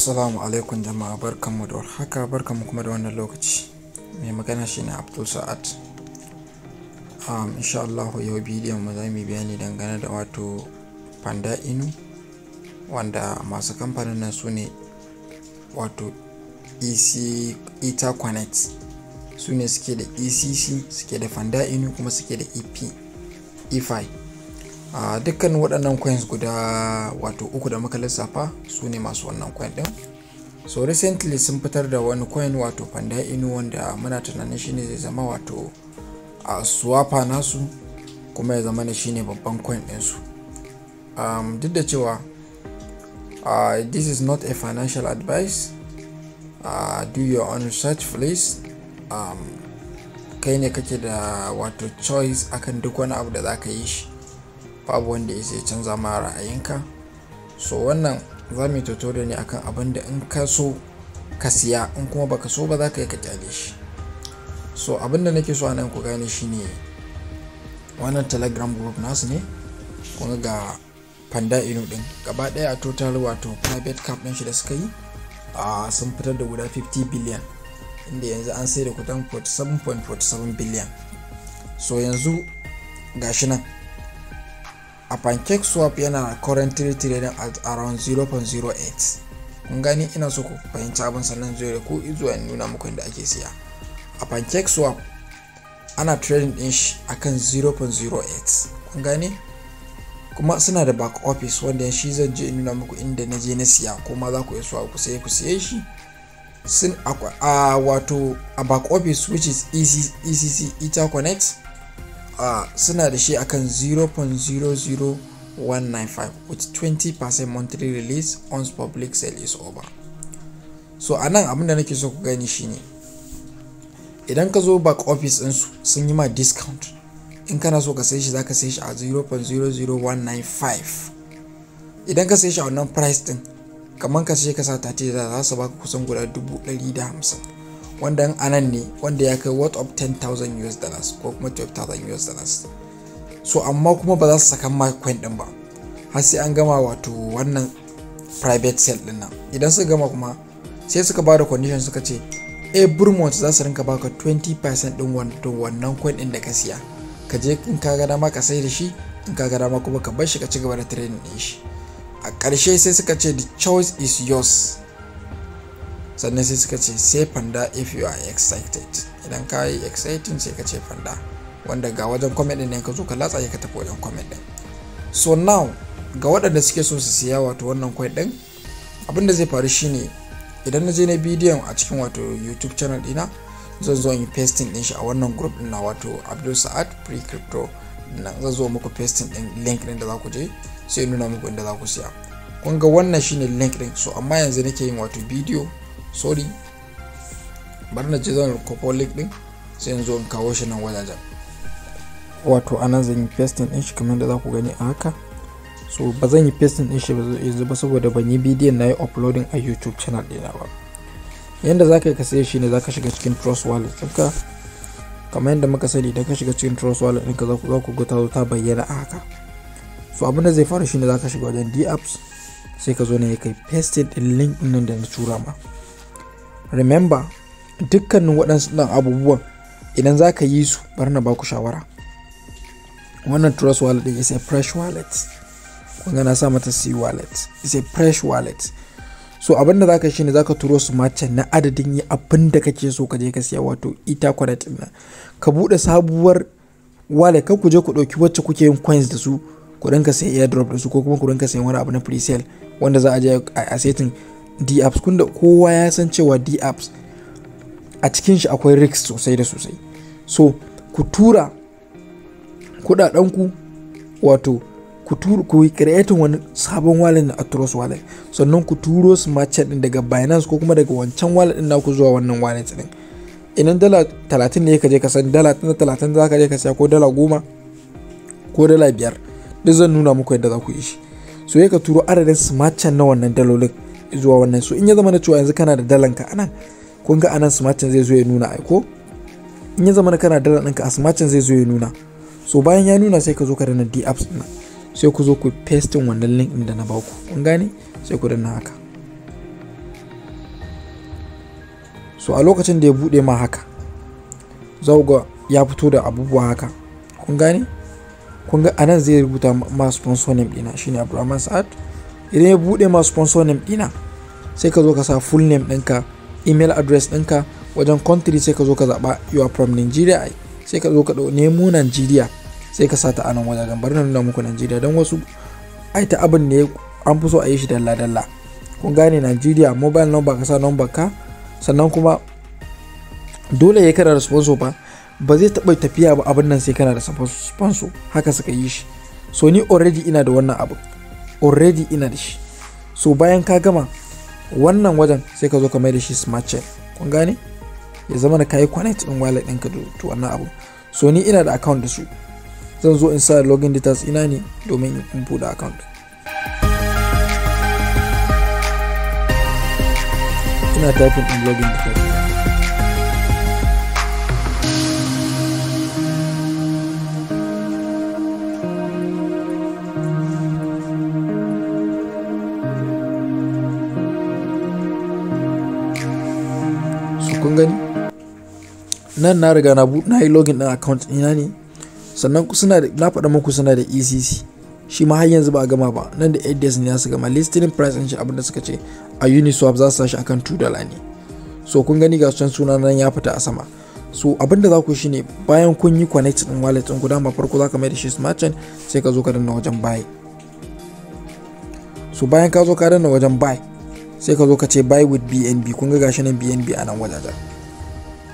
Assalamu alaikum jama'a barkanmu da warhaka barkanmu kuma da wannan lokaci mai magana shine Abdul Sa'ad um, insha Allah yau bidiyon mu za mu bayani dangane da wato Panda Inu wanda masu kamfanin nan su ne wato EC Eta su ne suke da ECC suke da Panda Inu kuma suke da EP EFI a dukkan waɗannan coins guda wato uku da muka lissafa su ne masu wannan coin ɗin so recently sun fitar da wani coin wato panda inu wanda muna tunanin shine zai zama wato a swapa nasu kuma ya zama shine babban coin ɗinsu um, duk da cewa uh, this is not a financial advice uh, do your own research please kai ne kake da wato choice akan duk wani abu da za ka yi shi babu wanda ya sai canza ma ra'ayinka so wannan za mu yi tutorial ne akan abin da in ka so ka siya in kuma baka so ba za ka yi ka kyale shi so abin da nake so a nan ku gane shi ne wannan telegram group nasu ne kuma ga panda inu din gaba daya a total wato private cap din shi da suka yi a sun fitar da guda 50 billion inda yanzu an sai da kudan 47.47 billion so yanzu gashi nan a pancake swap yana currently trading at around 0.08 kun gani ina so ku fahimci abin sannan zo da ku zuwa in nuna muku inda ake siya a pancake swap ana trading din shi akan 0.08 kun gani kuma suna da back office wanda shi zan je in nuna muku inda na je na siya kuma za ku iya ku sai ku siye shi sun a wato a back office which is ECC, ECC Ether Connect uh, suna da shi akan 0.00195 with 20% monthly release once public sale is over so a nan abinda nake so ku gani shine idan ka zo back office ɗinsu sun yi ma discount in kana so ka sai shi za ka sai shi a 0.00195 idan ka sai shi a wannan price ɗin kamar ka sai ka sa 30 za su baka kusan guda 150 wanda anan ne wanda ya kai worth of 10,000 US dollars ko kuma 12,000 US dollars so amma kuma ba za su saka ma coin din ba har sai an gama wato wannan private sale din nan idan suka gama kuma sai suka ba da condition suka ce every month za su rinka baka 20% din wannan coin din da ka siya ka je in ka ga dama ka sai da shi in ka ga dama kuma ka bar shi ka ci gaba da trading din shi a karshe sai suka ce the choice is yours sannan sai suka ce sai fanda if you are excited idan ka yi exciting sai ka ce fanda wanda ga wajen comment ne ka zo ka latsa ka tafi wajen comment so now ga waɗanda suke so su siya wato wannan kwai din abin da zai faru shine idan na je na bidiyon a cikin wato youtube channel dina zan zo in pasting din shi a wannan group din na wato abdul sa'ad pre crypto na zan zo muku pasting din link din da za ku je sai nuna muku inda za ku siya kun ga wannan shine link din so amma yanzu nake yin wato bidiyo sorry bar na ci zan kofo din sai yanzu in kawo shi nan wajajen wato anan zan yi pasting din shi kamar da za ku gani a haka so ba zan yi pasting din shi yanzu ba saboda ban yi bidiyon na yi uploading a youtube channel ɗina ba yanda za ka yi ka shi ne za ka shiga cikin trust wallet ɗinka kamar yadda muka sani da ka shiga cikin trust wallet ɗinka za ku ga ta ta bayyana a haka so abin da zai fara ne za ka shiga wajen d apps sai ka zo ne kai pasting din link ɗin da na tura ma remember dukkanin waɗansu ɗan abubuwan idan za ka yi su bar na baku shawara wannan trust wallet ɗin is a fresh wallet kun na sa mata sea wallet is a fresh wallet so abin da zaka shine zaka turo su mace na adadin yi abin da kake so ka je ka siya wato ita kwalet ɗin ka buɗe sabuwar wallet ka ku je ku ɗauki wacce kuke yin coins da su ku dinka sai airdrop da su ko kuma ku dinka sayan wani abu na pre-sale wanda za a je a setin dapps kunda kowa ya san cewa dapps a cikin shi akwai risk sosai da sosai so ku tura kudadenku wato ku yi create wani sabon wallet na atros wallet sannan ku turo su matchet din daga binance ko kuma daga wancan wallet din naku zuwa wannan wallet din idan dala 30 ne ka je ka san dala 30 za ka je ka siya ko dala 10 ko dala 5 duk zan nuna muku yadda za ku yi shi so ya ka turo adadin chain na wannan dalolin zuwa wannan so in ya zama na cewa yanzu kana da dalan ka anan kun ga anan smartin zai zo ya nuna ko in ya zama na kana da dalan ɗinka a smartin zai zo ya nuna so bayan ya nuna sai ka zo ka dana d apps na sai ku zo ku pasting wannan link ɗin da na baku kun gane sai ku danna haka so a lokacin da ya bude ma haka za ga ya fito da abubuwa haka kun gane kun ga anan zai rubuta ma sponsor name ɗina shine Abdulrahman Sa'ad idan ya buɗe ma sponsor name dina sai ka zo ka sa full name dinka email address dinka wajen country sai ka zo ka zaba you are from nigeria sai ka zo ka ɗau nemo nigeria sai ka sata wajen bari na nuna muku nigeria don wasu ai ta abin ne an fi so a yi shi dalla dalla kun gane nigeria mobile number ka sa number ka sannan kuma dole ya kana da sponsor ba ba zai taba tafiya ba abin nan sai kana da sponsor haka suka yi shi so ni already ina da wannan abu already ina da shi so bayan ka gama wannan wajen sai ka zo ka mai da shi smart chain kun gane ya zama da kayi connect din wallet ɗinka da wannan abu so ni ina da account da su zan zo in sa login details ina ne domin in buɗe account ina typing in login details kun gani nan na riga na na yi login ɗin account ina ne sannan suna da na faɗa muku suna da ECC shi ma har yanzu ba a gama ba nan da 8 days ne su gama listing price ɗin shi abinda suka ce a Uniswap za su sa shi akan 2 ne so kun gani ga can suna nan ya fita a sama so abinda za ku shine bayan kun yi connect ɗin wallet din guda ma farko za ka mai da shi smart chain sai ka zo ka danna wajen buy so bayan ka zo ka danna wajen buy sai ka zo ka ce buy with bnb kun ga gashi nan bnb a nan wajajen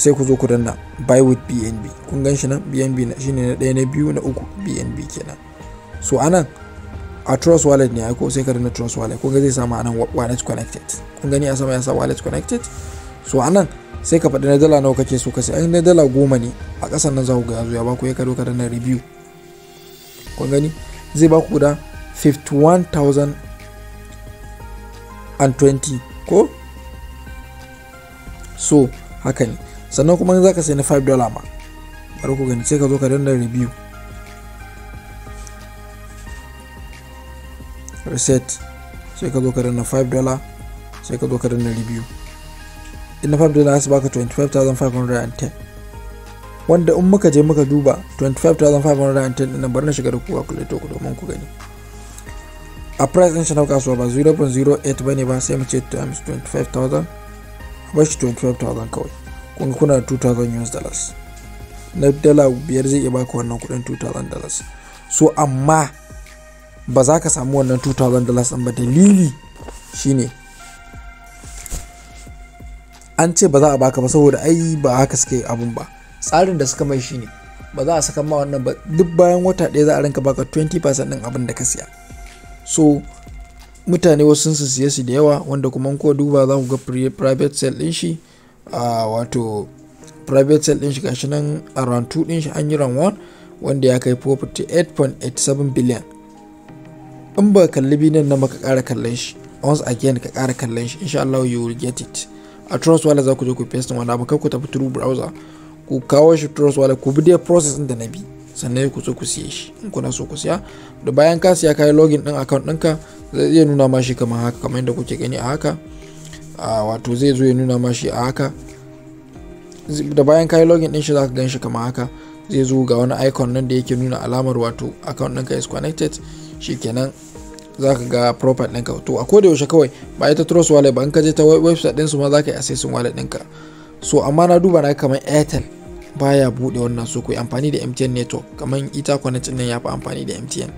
sai ku zo ku danna buy with bnb kun gan shi nan bnb shine na ɗaya na biyu na uku bnb kenan so anan a trust wallet ne aiko sai ka danna trust wallet kun ga zai samu anan wallet connected kun gani a sama ya sa wallet connected so anan sai ka faɗi na dala nawa kake so ka sai na dala goma ne a ƙasan nan za ku ga yazo ya ba ku ya kado ka danna review kun gani zai ba ku da 51,000 and 20 ko so haka ne sannan kuma za ka sai na 5 dollar ma bari ku gani sai ka zo ka danna review reset sai ka zo ka danna 5 dollar sai ka zo ka danna review ina na 5 dollar su baka 25,510 wanda in muka je muka duba 25,510 ɗin bari na shiga da ku calculator ku domin ku gani a price din shanau kasuwa ba 0.08 bane ba sai mu ce times 25000 a shi 25000 kawai kun kuna 2000 US dollars na dala biyar zai iya baka wannan kudin 2000 dollars so amma ba za ka samu wannan 2000 dollars ba dalili shine an ce ba za a baka ba saboda ai ba haka suka yi abun ba tsarin da suka mai shine ba za a saka ma wannan ba duk bayan wata ɗaya za a rinka baka 20% ɗin abin da ka siya so mutane wasu sun siye su da yawa wanda kuma ko duba za ku ga private sale din shi a wato private sale din shi gashi nan a round 2 din shi an yi round 1 wanda ya kai 48.87 billion in ba kalli bidiyon nan ka kara kallon shi once again ka kara kallon shi insha Allah you will get it a trust wallet za ku je ku paste wani abu kai ku tafi through browser ku kawo shi trust wallet ku bi dai process din da na bi sannan ku so ku siye shi in kuna so ku siya da bayan ka siya kayi login din account ɗinka zai iya nuna ma shi kamar haka kamar yadda kuke gani a haka wato zai zo ya nuna ma shi a haka da bayan kayi login din shi zaka gan shi kamar haka zai zo ga wani icon nan da yake nuna alamar wato account ɗinka is connected shikenan za ka ga profile ɗinka to a koda yaushe kawai ba ita trust wallet ba in ka je ta website ɗinsu ma zaka yi assessing wallet ɗinka so amma na duba na kamar airtel baya bude wannan so ku amfani da MTN network kamar ita connect nan ya fi amfani da MTN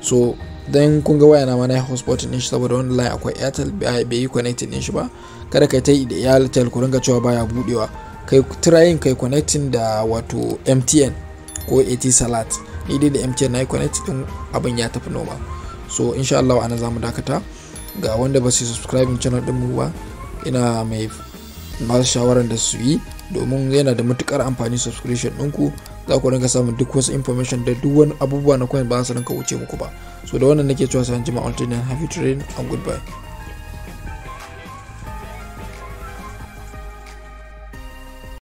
so dan kun ga waya na mana ya hotspot din shi saboda wani line akwai Airtel bai yi connecting din shi ba kada kai ta yi da Airtel ku ringa cewa baya budewa kai trying kai connecting da wato MTN ko AT Salat ni dai da MTN na yi connect din abin ya tafi noma so insha Allah ana zamu dakata ga wanda ba su subscribe channel din mu ba ina mai ba shawaran da su yi domin yana da matukar amfani subscription ɗinku za ku rinka samun duk wasu information da duk wani abubuwa na coin ba za su rinka wuce muku ba so da wannan nake cewa sai an jima alternate happy trading and goodbye